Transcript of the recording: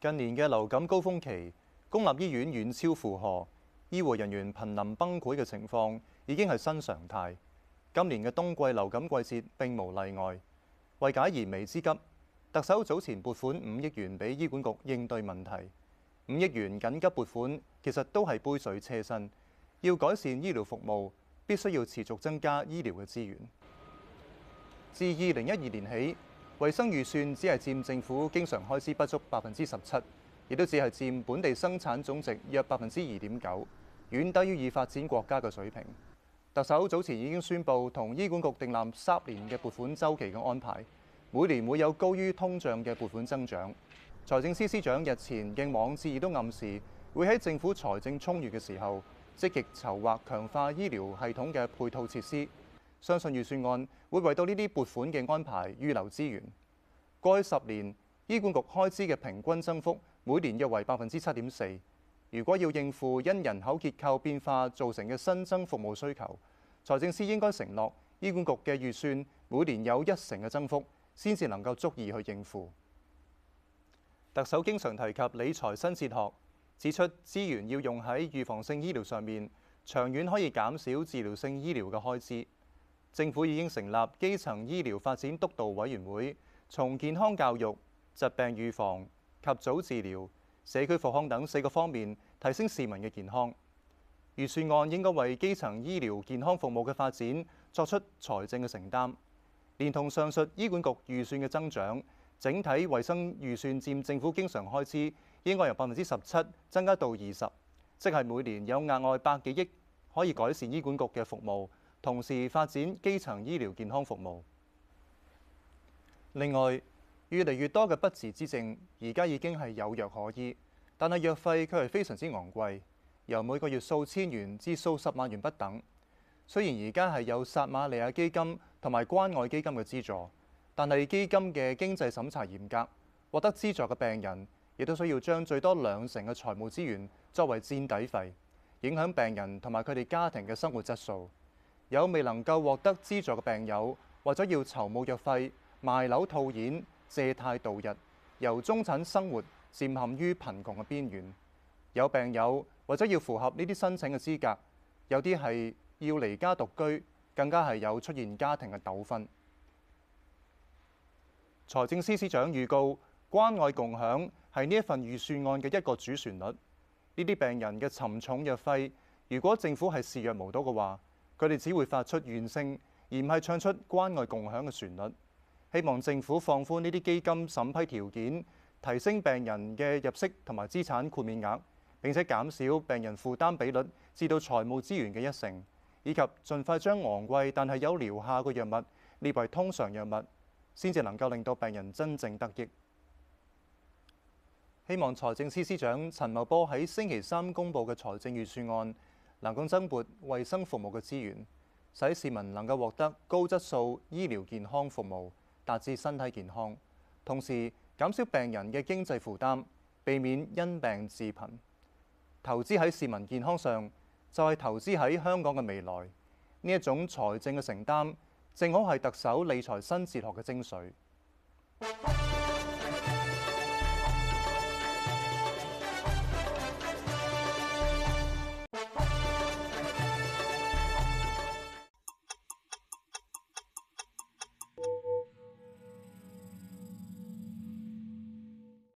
近年嘅流感高峰期，公立醫院遠超負荷，醫護人員瀕臨崩潰嘅情況已經係新常態。今年嘅冬季流感季節並無例外。為解燃眉之急，特首早前撥款五億元俾醫管局應對問題。五億元緊急撥款其實都係杯水車薪，要改善醫療服務，必須要持續增加醫療嘅資源。自二零一二年起，衞生預算只係佔政府經常開支不足百分之十七，亦都只係佔本地生產總值約百分之二點九，遠低於已發展國家嘅水平。特首早前已經宣布同醫管局訂立三年嘅撥款周期嘅安排，每年會有高於通脹嘅撥款增長。財政司司長日前嘅網志亦都暗示會喺政府財政充裕嘅時候積極籌劃強化醫療系統嘅配套設施。相信預算案會為到呢啲撥款嘅安排預留資源。過去十年，醫管局開支嘅平均增幅每年約為百分之七點四。如果要應付因人口結構變化造成嘅新增服務需求，財政司應該承諾醫管局嘅預算每年有一成嘅增幅，先至能夠足以去應付。特首經常提及理財新哲學，指出資源要用喺預防性醫療上面，長遠可以減少治療性醫療嘅開支。政府已經成立基層醫療發展督導委員會，從健康教育、疾病預防、及早治療、社區復康等四個方面提升市民嘅健康。預算案應該為基層醫療健康服務嘅發展作出財政嘅承擔，連同上述醫管局預算嘅增長，整體衞生預算佔政府經常開支應該由百分之十七增加到二十，即係每年有額外百幾億可以改善醫管局嘅服務。同時發展基層醫療健康服務。另外，越嚟越多嘅不治之症，而家已經係有藥可醫，但係藥費卻係非常之昂貴，由每個月數千元至數十萬元不等。雖然而家係有撒瑪利亞基金同埋關愛基金嘅資助，但係基金嘅經濟審查嚴格，獲得資助嘅病人亦都需要將最多兩成嘅財務資源作為墊底費，影響病人同埋佢哋家庭嘅生活質素。有未能夠獲得資助嘅病友，或者要籌募藥費、賣樓套現、借貸度日，由中產生活，漸陷於貧窮嘅邊緣。有病友或者要符合呢啲申請嘅資格，有啲係要離家獨居，更加係有出現家庭嘅糾紛。財政司司長預告，關愛共享係呢一份預算案嘅一個主旋律。呢啲病人嘅沉重藥費，如果政府係視若無睹嘅話，佢哋只會發出怨聲，而唔係唱出關愛共享嘅旋律。希望政府放寬呢啲基金審批條件，提升病人嘅入息同埋資產豁免額，並且減少病人負擔比率至到財務資源嘅一成，以及盡快將昂貴但係有療效嘅藥物列為通常藥物，先至能夠令到病人真正得益。希望財政司司長陳茂波喺星期三公布嘅財政預算案，能夠增撥衞生服務嘅資源，使市民能夠獲得高質素醫療健康服務，達至身體健康，同時減少病人嘅經濟負擔，避免因病致貧。投資喺市民健康上，就係、是、投資喺香港嘅未來。呢一種財政嘅承擔，正好係特首理財新哲學嘅精髓。